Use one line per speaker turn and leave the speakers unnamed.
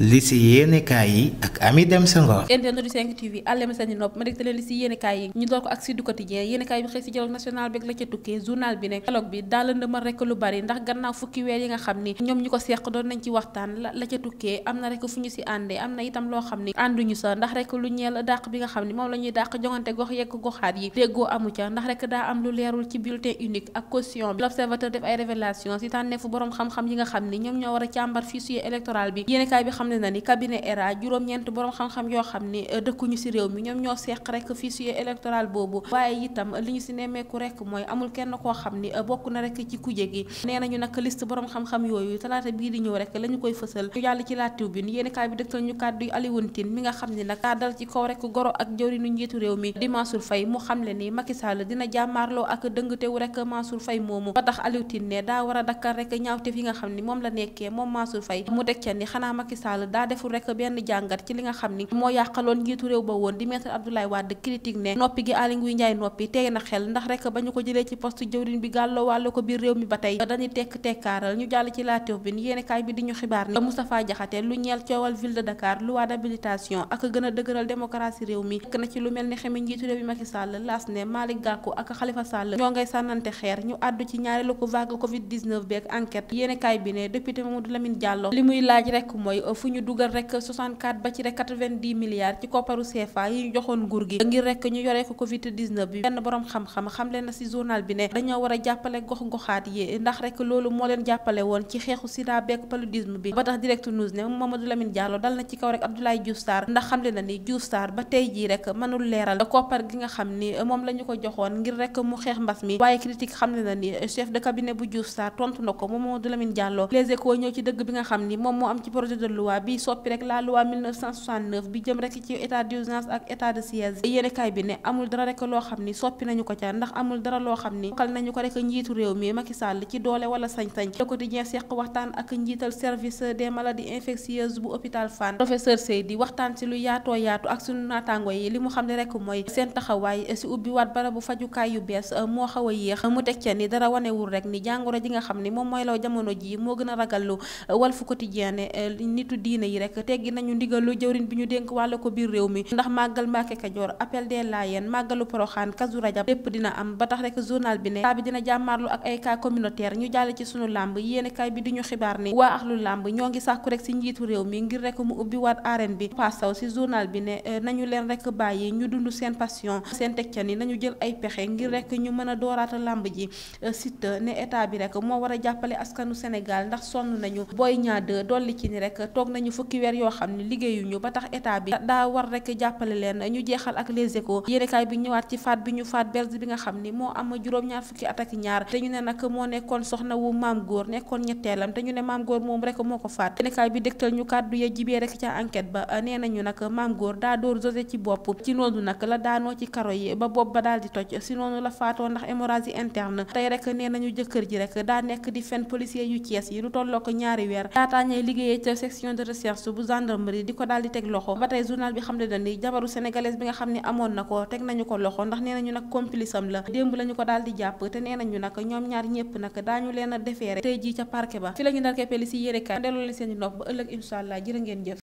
li si yéenekaay yi ak Ami Dem Sa Ngor. internet du 5 TV àllema seen i yi ñu door ko ak Sud Quotidien yéenekaay bi xëy si dialogue national bi ak la ca tukkee journal yi xam ni ñoom ñu ko seq doon nañ ci waxtaan la la ca tukkee am na am na itam loo xam ni ànduñu sa ndax rek lu ñeel dàq bi nga xam ni moom la ñuy dàq jongante gox yegg goxaat yi déggoo amu ca ndax rek daa am lu leerul ci bulletin unique ak caution bi l'observateur def ay révélation si tànneefu boroom xam-xam yi nga xam ni ñoom ñoo war a càmbar fichier électoral xamle na ni cabinet ERA juróom-ñeent borom xam-xam yoo xam ni euh, dëkkuñu ci réew mi ñoom ñoo seq rek fichier électoral boobu waaye itam li ñu ci nemmeeku rek mooy amul kenn koo xam ni euh, bokk na rek ci kuje gi nee nañu nag liste borom xam-xam yooyu talaata bii di ñëw rek la ñu koy fësal ñu jàll ci la tribune yéeni kaay bi dëgtal ñu kàddu yu Alioune Tine mi nga xam ni na daa dal ci kaw rek goro ak jëwriñu njiitu réew mi di Mansour fay mu xamle ni Macky Sall dina jàmmaarloo ak dëngtewu rek Mansour Faye moomu ba tax Alioune Tine ne daa war a dakkal rek ñaawteef yi nga xam ni moom la nekkee moom Mansour Faye mu Sall daa deful rek benn jàngat ci li nga xam ni moo yàqaloon njiitu réew ba woon di maître Abdoulaye Wade critique ne noppi gi Aly Ngouille noppi tey na xel ndax rek ba ñu ko jëlee ci poste jëwriñ bi gàlloo ko biir réew mi ba tey dañuy tekk tekkaaral ñu jàll ci laa bi yéene kaay bi di ñu xibaar ni Moustapha Diakhaté lu ñeel coowal ville de Dakar loi d'habilitation ak gën dëgëral démocratie réew mi nekk na ci lu mel ni xemi njiitu réew fu ñu dugal rek 64 ba ci rek 90 milliards ci kopparu CFA yi ñu joxoon nguur gi ngir rek ñu yoree ko Covid 19 bi benn borom xam-xam xam na si journal bi ne dañoo war a jàppale gox-goxaat yi ndax rek loolu moo leen jàppale woon ci xeexu sida beek paludisme bi ba tax direct news ne Mamadou Lamine Diallo dal na ci kaw rek Abdoulaye Diouf ndax xam na ni Diouf ba tey jii rek mënul leeral koppar gi nga xam ni moom bi soppi rek la loi 1969 bi jëm rek ci état d'urgence ak état de siège yéenekaay bi ne amul dara rek loo xam ni soppi nañu ko ca ndax amul dara loo xam ni kal nañu ko rek njiitu réew mi Macky Sall ci doole wala sañ-sañ le quotidien seq waxtaan ak njiital service des maladies infectieuses bu hôpital Fann professeur Seydi waxtaan ci lu yaatoo yaatu ak suñu naataango yi li mu xam ne rek mooy seen taxawaay si ubbi waat barabu fajukaay yu bees moo xaw a yéex mu teg ca ni dara wanewul rek ni jàngoro ji nga xam ni moom mooy law jamono ji moo gën a ragallu Walf Quotidien ne nitu diine yi rek teggi nañu ndigalu jëwrin bi ñu dénk wàll ko biir réew mi ndax màggal Mbàkke Kajoor appel des Layènes màggalu Poroxaan Kazu Rajab lépp dina am ba tax rek journal bi ne ñu jàll ci sunu làmb yéeni kaay bi di ñu xibaar ne waa axlu làmb si njiitu bi pasaw si eh, nañu leen rek bàyyi ñu dund seen passion seen tegcani nañu jël ay pexe ngir rek ñu mën a dooraata làmb ji eh, site ne état bi rek moo war a jàppale askanu Sénégal ndax sonn nañu booy ñaar dolli ci ni rek toog na nañu fukki weer yoo xam ne liggéeyuñu ba tax état bi daa war rek jàppale leen ñu jeexal ak les échos yéenekaay bi ñëwaat ci faat bi ñu faat berge bi nga xam ni moo am juróom-ñaar fukki at ak ñaar te ñu ne nag moo nekkoon soxna wu maam góor nekkoon ñetteelam te ñu ne maam góor moom rek moo ko faat yéenekaay bi dégtal ñu kàddu ya jibee rek ca enquête ba nee nañu nag maam góor daa dóor josé ci bopp ci noonu nag la daanoo ci karo yi ba bopp ba daal di toj si noonu la faatoo ndax hémorragie interne tey rek nee nañu jëkkër ji rek daa nekk di fen yu Thiès yi lu tolloo ko de recherche bu gendarmerie di ko daal di teg loxo ba tey journal bi xamle na ni jabaru sénégalaise bi nga xam ne amoon na ko teg nañu ko loxo ndax nee nañu nag complice la démb la ko daal di jàpp te nee nañu nag ñoom ñaar ñëpp nag daañu leen a defeere tey jii ca parquet ba fi la ñu ndar keppeli si yérekaay deloo leen seen i ba ëllëg incha allah jërë ngeen jëf